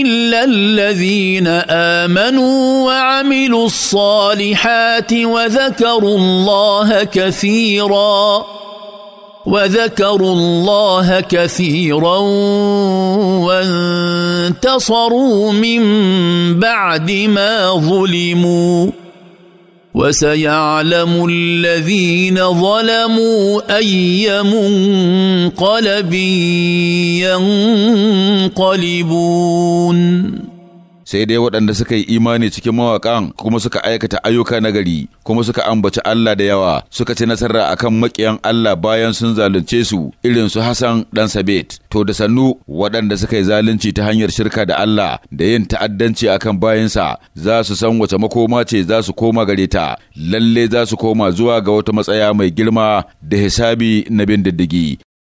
الا الذين امنوا وعملوا الصالحات وذكروا الله كثيرا وذكروا الله كثيرا وانتصروا من بعد ما ظلموا وسيعلم الذين ظلموا اي منقلب ينقلبون sai dai waɗanda suka yi imani cikin mawaƙan kuma suka aikata ayyuka nagari kuma suka ambaci Allah da yawa suka ci nasara akan makiyan Allah bayan sun zalunce su irin su Hassan dan Sabit to da sannu waɗanda suka yi zalunci ta hanyar shirka da Allah da yin ta'addanci akan bayansa za su san wace makoma ce za su koma gare ta lalle za su koma zuwa ga wata matsaya mai girma da hisabi na bin diddigi